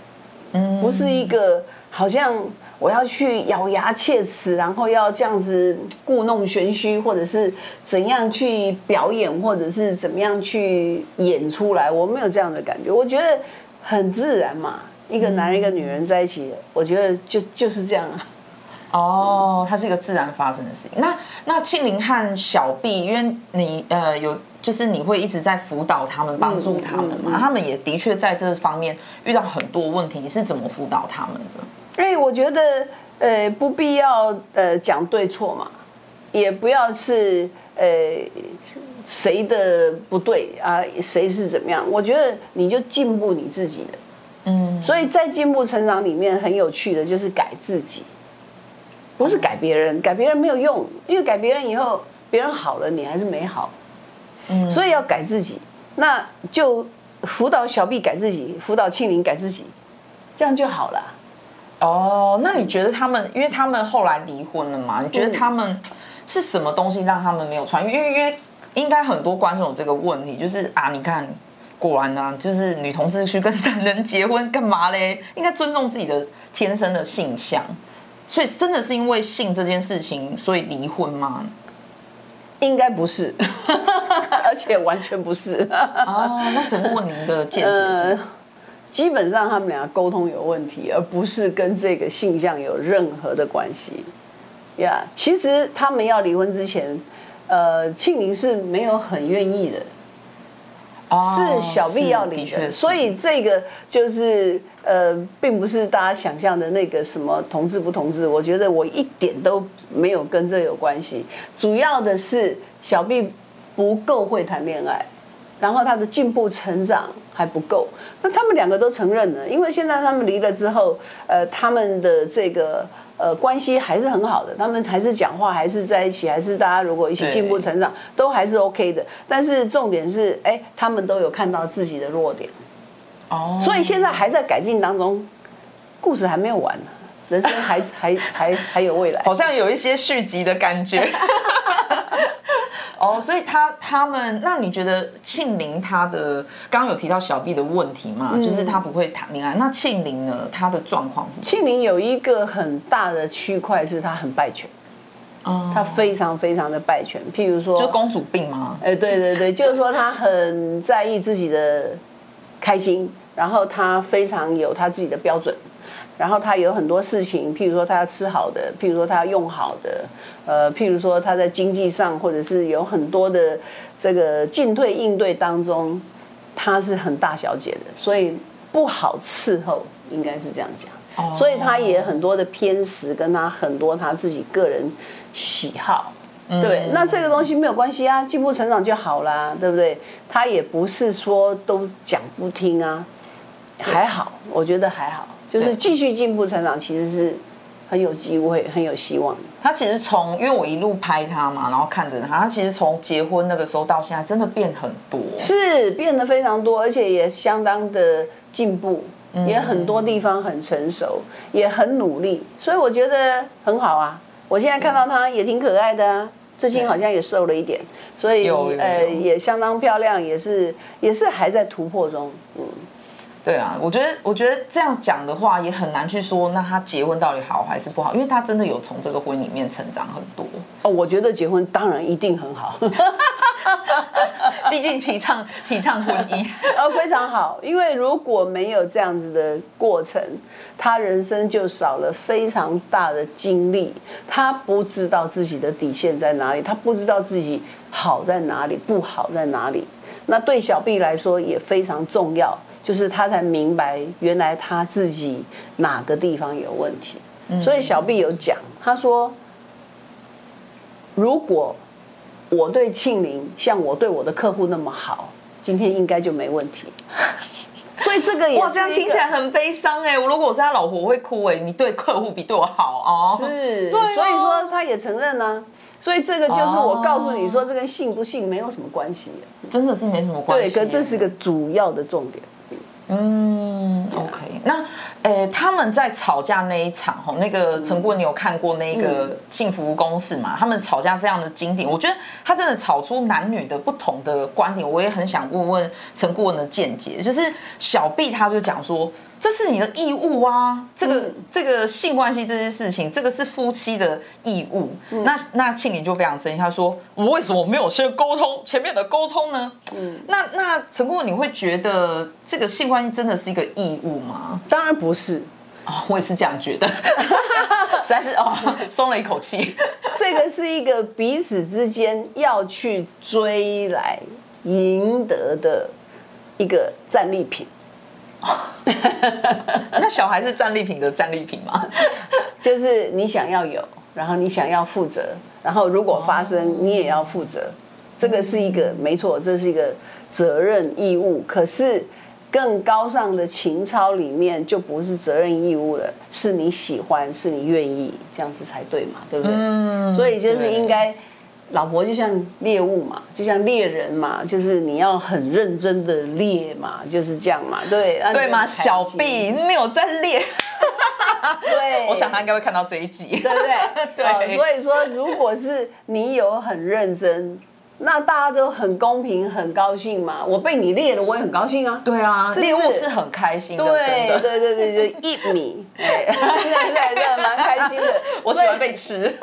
嗯，不是一個好像我要去咬牙切齒，然後要這樣子故弄玄虛，或者是怎樣去表演，或者是怎麼樣去演出來，我沒有這樣的感覺。我覺得。很自然嘛，一個男人一個女人在一起，嗯，我覺得就就是這樣啊。哦，它是一個自然發生的事情。那那慶玲和小畢，因為你呃有就是你會一直在輔導他們，幫助他們嘛，嗯嗯，他們也的確在這方面遇到很多問題，你是怎麼輔導他們的？哎，我覺得呃不必要呃講對錯嘛，也不要是呃。誰的不對啊？誰是怎麼樣？我覺得你就進步你自己的，嗯，所以在進步成長裡面，很有趣的就是改自己，不是改別人，嗯、改別人沒有用，因為改別人以後，別人好了，你還是沒好，嗯，所以要改自己，那就輔導小 B 改自己，輔導慶玲改自己，這樣就好了。哦，那你覺得他們，嗯、因為他們後來離婚了嘛？你覺得他們是什麼東西讓他們沒有穿越？因為因為。應該很多觀眾有這個問題，就是啊，你看，果然啊，就是女同志去跟男人結婚幹嘛呢？應該尊重自己的天生的性向，所以真的是因為性這件事情，所以離婚嗎？應該不是哈哈哈哈，而且完全不是。哦、 啊，那請問您的見解是？呃、基本上他們倆溝通有問題，而不是跟這個性向有任何的關係。呀、yeah,，其實他們要離婚之前。呃，慶林是沒有很願意的，哦、是小畢要離的，的，所以這個就是呃，並不是大家想象的那個什麼同志不同志，我覺得我一點都沒有跟這有關係，主要的是小畢不夠會談戀愛，然後他的進步成長還不夠，那他們兩個都承認了，因為現在他們離了之後，呃，他們的這個。呃，關係還是很好的，他們還是講話，還是在一起，還是大家如果一起進步成長，都還是 OK 的。但是重點是，哎、欸，他們都有看到自己的弱點，哦、oh.，所以現在還在改進當中，故事還沒有完，人生還還 還還，還有未來，好像有一些續集的感覺。 哦，所以他他們，那你覺得慶琳他的剛剛有提到小 B 的問題嘛、嗯？就是他不會談戀愛。那慶琳呢？他的狀況是什麼？慶琳有一個很大的區塊是他很敗犬、哦，他非常非常的敗犬。譬如說，就是公主病嗎？哎，對對對，就是說他很在意自己的開心， 然後他非常有他自己的標準。然後他有很多事情，譬如說他要吃好的，譬如說他要用好的，呃，譬如說他在經濟上或者是有很多的這個進退應對當中，他是很大小姐的，所以不好伺候，應該是這樣講。哦。所以他也有很多的偏食，跟他很多他自己個人喜好，對，嗯。那這個東西沒有關係啊，進步成長就好啦，對不對？他也不是說都講不聽啊，還好，我覺得還好。就是繼續進步成長，其實是很有機會、很有希望的。他其實從，因為我一路拍他嘛，然後看着他，他其實從結婚那個時候到現在，真的變很多。是變得非常多，而且也相當的進步，也很多地方很成熟、嗯，也很努力，所以我覺得很好啊。我現在看到他也挺可愛的啊，最近好像也瘦了一點，所以呃也相當漂亮，也是也是還在突破中，嗯。對啊，我覺得，我覺得這樣講的話也很難去說。那他結婚到底好還是不好？因為他真的有從這個婚姻裡面成長很多哦。我覺得結婚當然一定很好， 畢竟提倡提倡婚姻哦，非常好。 因為如果沒有這樣子的過程，他人生就少了非常大的經歷。他不知道自己的底線在哪裡，他不知道自己好在哪裡，不好在哪裡。那對小 B 來說也非常重要。就是他才明白，原來他自己哪個地方有問題。所以小 B 有講，他說：“如果我對慶林像我對我的客戶那麼好，今天應該就沒問題。”所以這個也哇，這樣聽起來很悲傷哎！我如果我是他老婆，我會哭哎！你對客戶比對我好哦，是，對，所以說他也承認呢、啊。所以這個就是我告訴你說，這跟信不信沒有什麼關係，真的是沒什麼關係。對，跟這是一個主要的重點。嗯、yeah.，OK，那，誒、欸，他們在吵架那一場吼，那個陳顧問你有看過那個幸福公式嘛？Mm -hmm. 他們吵架非常的經典，我覺得他真的吵出男女的不同的觀點，我也很想問問陳顧問的見解，就是小畢他就講說。這是你的義務啊，這個、嗯、這個性關係這件事情，這個是夫妻的義務。嗯、那那慶玲就非常生氣，她說：“我為什麼沒有先溝通？前面的溝通呢？”嗯，那那陳顧，你會覺得這個性關係真的是一個義務嗎？當然不是、哦、我也是這樣覺得， 實在是哦，鬆了一口氣。這個是一個彼此之間要去追來贏得的一個戰利品。哦、那小孩是戰利品的戰利品嗎？ 就是你想要有，然後你想要負責，然後如果發生，哦、你也要負責、嗯。這個是一個沒錯，這是一個責任義務。可是更高尚的情操裡面，就不是責任義務了，是你喜歡，是你願意這樣子才對嘛？對不對？嗯、所以就是應該。老婆就像獵物嘛，就像獵人嘛，就是你要很認真的獵嘛，就是這樣嘛，對對嗎？小 B 沒有在獵， 對，我想他應該會看到這一集，對不對，對？對，呃，所以說，如果是你有很認真。那大家都很公平，很高興嘛？我被你獵了，我也很高興啊，嗯！對啊，獵物是很開心的。對對對對對，一米，對對對對，蠻開心的。我喜歡被吃。對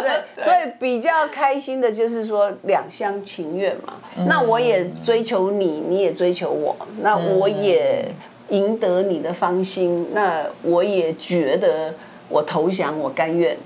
對對，所以比較開心的就是說兩廂情願嘛。那我也追求你，你也追求我，嗯。那我也贏得你的芳心，嗯，那我也覺得我投降，我甘願，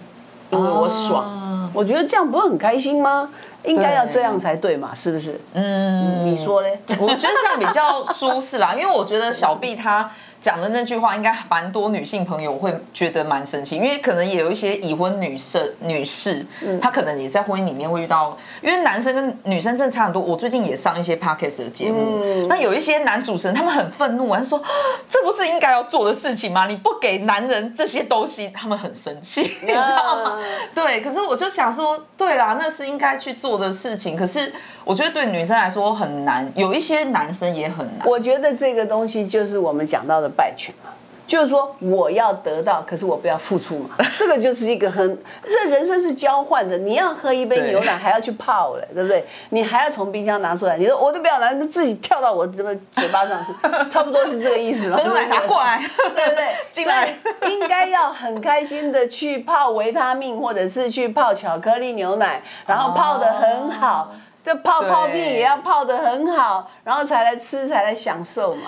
因為我爽，嗯。我覺得這樣不是很開心嗎？應該要這樣才對嘛，是不是？嗯，你說嘞，我覺得這樣比較舒適啦， 因為我覺得小 B 他。講的那句話，應該蠻多女性朋友會覺得蠻生氣，因為可能也有一些已婚女生、女士，她可能也在婚姻裡面會遇到，因為男生跟女生真的差很多。我最近也上一些 Podcast 的節目，嗯，那有一些男主持人他們很憤怒，他說，啊：“這不是應該要做的事情嗎？你不給男人這些東西，他們很生氣，你知道嗎、啊？”對，可是我就想說，對啦，那是應該去做的事情。可是我覺得對女生來說很難，有一些男生也很難。我覺得這個東西就是我們講到的。嘛，就是說我要得到，可是我不要付出嘛。這個就是一個很，這人生是交換的。你要喝一杯牛奶，還要去泡嘞，對不對？你還要從冰箱拿出來。你說我都不要拿，你自己跳到我這個嘴巴上，去，差不多是這個意思了。牛奶拿過來，對不對？進來應該要很開心的去泡維他命，或者是去泡巧克力牛奶，然後泡得很好。哦這泡泡麵也要泡得很好，然後才來吃，才來享受嘛，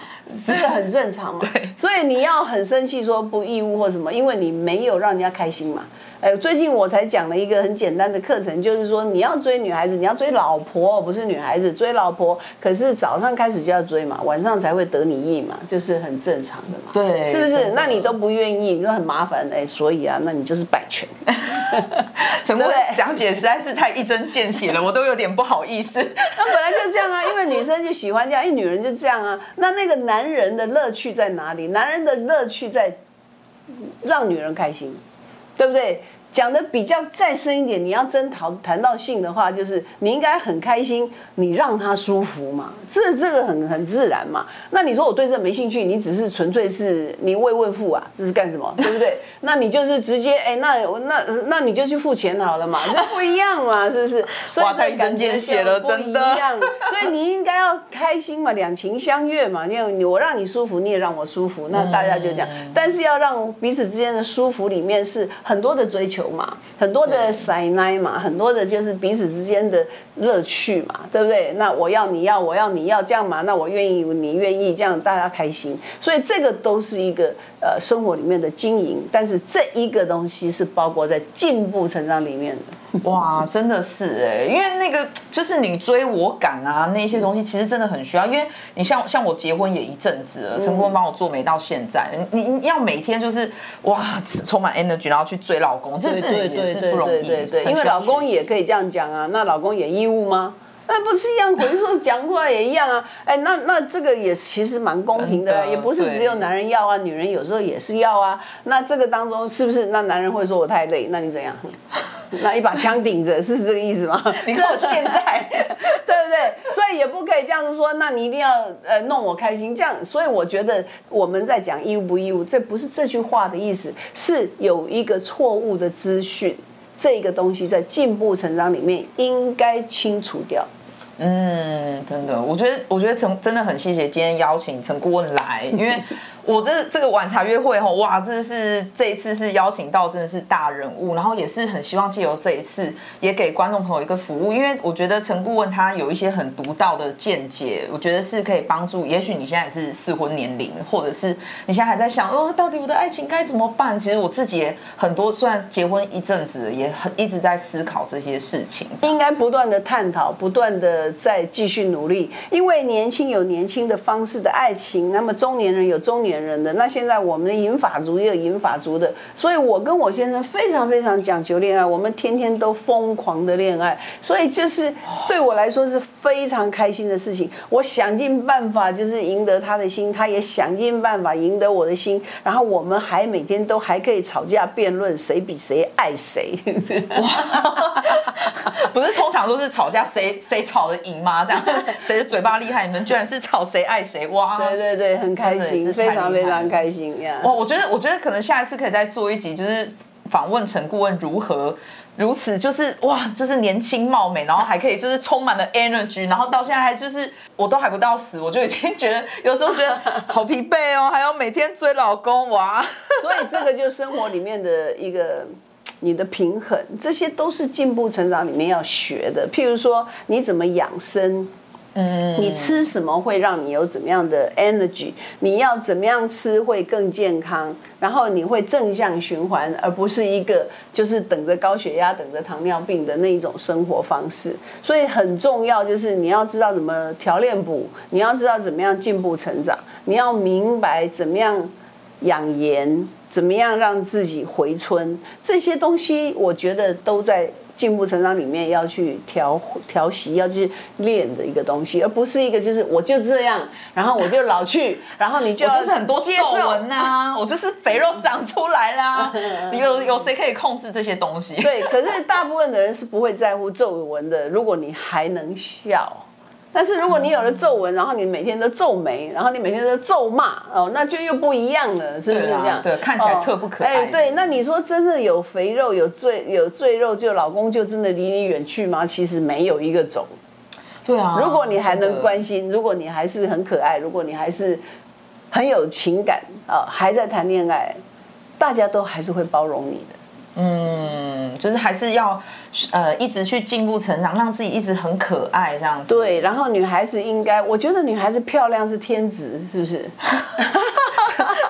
這個很正常嘛。所以你要很生氣說不義務或什麼，因為你沒有讓人家開心嘛。哎、欸，最近我才講了一個很簡單的課程，就是說你要追女孩子，你要追老婆，不是女孩子追老婆，可是早上開始就要追嘛，晚上才會得你意嘛，就是很正常的嘛，對，是不是？那你都不願意，你說很麻煩，哎、欸，所以啊，那你就是擺拳。陳哥講解實在是太一針見血了，我都有點不好意思。 那本來就這樣啊，因為女生就喜歡這樣，哎女人就這樣啊，那那個男人的樂趣在哪裡？男人的樂趣在讓女人開心。對不對？講的比較再深一點，你要真討談，談到性的話，就是你應該很開心，你讓他舒服嘛，這這個很很自然嘛。那你說我對這沒興趣，你只是純粹是你慰問付啊，這是幹什麼，對不對？ 那你就是直接哎、欸，那那那，那你就去付錢好了嘛，這不一樣嘛，是不是？哇，太針見血了，真的。所以你應該要開心嘛，兩情相悅嘛，你我讓你舒服，你也讓我舒服，那大家就這樣。嗯、但是要讓彼此之間的舒服裡面是很多的追求。嘛，很多的撒奶嘛，很多的就是彼此之間的樂趣嘛，對不對？那我要你要，我要你要，這樣嘛，那我願意你願意這樣，大家開心，所以這個都是一個呃生活裡面的經營，但是這一個東西是包括在進步成長裡面的。 哇，真的是哎、欸，因為那個就是你追我趕啊，那些東西其實真的很需要。因為你像像我結婚也一陣子了，成功幫我做媒到現在，嗯你，你要每天就是哇，充滿 energy，然後去追老公，對對對對對，這這也是不容易。對對對對對對對對，對對，因為老公也可以這樣講啊，那老公也義務嗎？那不是一樣，我就說講話也一樣啊。哎、欸，那那這個也其實蠻公平的的，也不是只有男人要啊，女人有時候也是要啊。那這個當中是不是？那男人會說我太累，那你怎樣？ 那一把槍頂着，是這個意思嗎？ 你看我現在， 對不對？所以也不可以這樣子說。那你一定要呃弄我開心，這樣。所以我覺得我們在講義務不義務，這不是這句話的意思，是有一個錯誤的資訊。這個東西在進步成長裡面應該清除掉。嗯，真的，我覺得，我覺得陳真的很謝謝今天邀請陳顧問來，因為。我這這個晚茶約會吼，哇，真的是這一次是邀請到真的是大人物，然後也是很希望借由這一次也給觀眾朋友一個服務，因為我覺得陳顧問他有一些很獨到的見解，我覺得是可以幫助。也許你現在也是適婚年齡，或者是你現在還在想，哦，到底我的愛情該怎麼辦？其實我自己也很多，雖然結婚一陣子了，也很一直在思考這些事情，應該不斷的探討，不斷的在繼續努力，因為年輕有年輕的方式的愛情，那麼中年人有中年人。人的，那現在我們的銀髮族也有銀髮族的。所以我跟我先生非常非常講究戀愛，我們天天都瘋狂的戀愛，所以就是對我來說是非常開心的事情。我想盡辦法就是贏得他的心，他也想盡辦法贏得我的心，然後我們還每天都還可以吵架辯論誰比誰愛誰。哇，不是通常都是吵架誰誰吵的贏嗎？這樣誰的嘴巴厲害？你們居然是吵誰愛誰？哇！對對對，很開心，非常。非常開心呀、嗯！哇，我覺得，我覺得可能下一次可以再做一集，就是訪問陳顧問如何如此，就是哇，就是年輕貌美，然後還可以就是充滿了 energy，然後到現在還就是我都還不到死，我就已經覺得有時候覺得好疲憊哦，還要每天追老公哇，所以這個就是生活裡面的一個你的平衡，這些都是進步成長裡面要學的。譬如說，你怎麼養生？你吃什麼會讓你有怎麼樣的 energy？你要怎麼樣吃會更健康？然後你會正向循環，而不是一個就是等着高血壓、等着糖尿病的那一種生活方式。所以很重要，就是你要知道怎麼調練補，你要知道怎麼樣進步成長，你要明白怎麼樣養顏，怎麼樣讓自己回春。這些東西，我覺得都在。進步成長裡面要去調調息，要去練的一個東西，而不是一個就是我就這樣，然後我就老去， 然後你就，我就是很多皺紋吶， 我就是肥肉長出來啦。你有有誰可以控制這些東西？ 對，可是大部分的人是不會在乎皺紋的。如果你還能笑。但是如果你有了皺紋，嗯，然後你每天都皺眉，然後你每天都咒罵哦，那就又不一樣了，是不是這樣？對啊，對，看起來特不可愛，哦。哎，對，那你說真的有肥肉、有贅有贅肉，就老公就真的離你遠去嗎？其實沒有一個走。對啊。如果你還能關心，如果你還是很可愛，如果你還是很有情感啊，哦，還在談戀愛，大家都還是會包容你的。嗯，就是還是要，呃，一直去進步成長，讓自己一直很可愛這樣子。對，然後女孩子應該，我覺得女孩子漂亮是天職，是不是？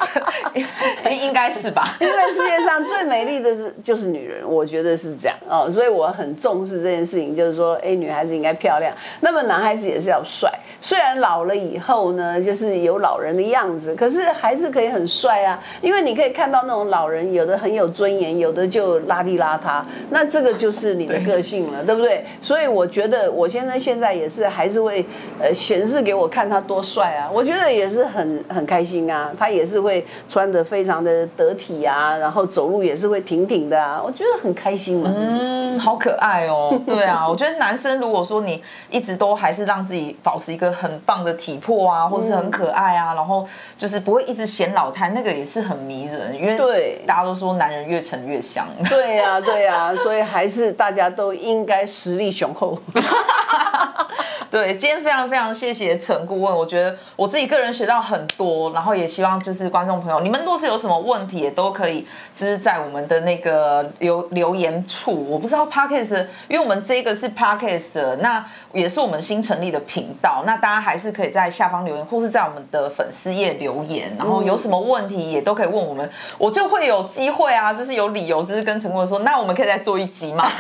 應該是吧，因為世界上最美麗的就是女人，我覺得是這樣哦、喔，所以我很重視這件事情，就是說，哎，女孩子應該漂亮，那麼男孩子也是要帥。雖然老了以後呢，就是有老人的樣子，可是還是可以很帥啊。因為你可以看到那種老人，有的很有尊嚴，有的就邋裡邋遢，那這個就是你的個性了，對不對？所以我覺得，我先生現在，也是，還是會呃顯示給我看他多帥啊，我覺得也是很很開心啊，他也是會穿。真的非常的得體啊，然後走路也是會挺挺的，啊，我覺得很開心嘛、啊就是，嗯，好可愛哦，對啊， 我覺得男生如果說你一直都還是讓自己保持一個很棒的體魄啊，或者很可愛啊、嗯，然後就是不會一直顯老態，那個也是很迷人，因為對大家都說男人越沉越香，對呀、啊、對呀、啊，所以還是大家都應該實力雄厚。 對，今天非常非常謝謝陳顧問，我覺得我自己個人學到很多，然後也希望就是觀眾朋友，你們若是有什麼問題，也都可以支在我們的那個留留言處。我不知道 Podcast，因為我們這個是 Podcast，那也是我們新成立的頻道，那大家還是可以在下方留言，或是在我們的粉絲頁留言，然後有什麼問題也都可以問我們，我就會有機會啊，就是有理由，就是跟陳顧問說，那我們可以再做一集嗎？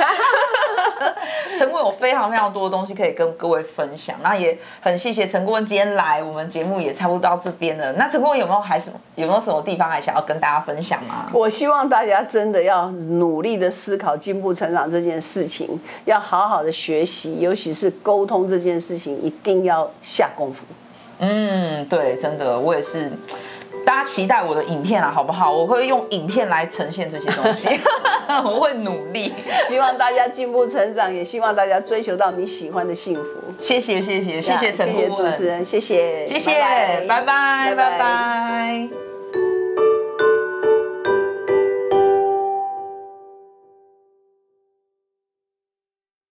陳 顧問有非常非常多的東西可以跟各位分享。分享，那也很謝謝陳顧問今天來我們節目，也差不多到這邊了。那陳顧問有沒有還是有沒有什麼地方還想要跟大家分享嗎？我希望大家真的要努力的思考進步成長這件事情，要好好的學習，尤其是溝通這件事情一定要下功夫。嗯，對，真的，我也是。大家期待我的影片啦、啊，好不好？我會用影片來呈現這些東西 我會努力，希望大家進步成長，也希望大家追求到你喜歡的幸福。 謝謝，謝謝，啊、謝謝陳顧問，謝謝主持人，謝謝，謝謝，拜拜，拜拜。拜拜拜拜。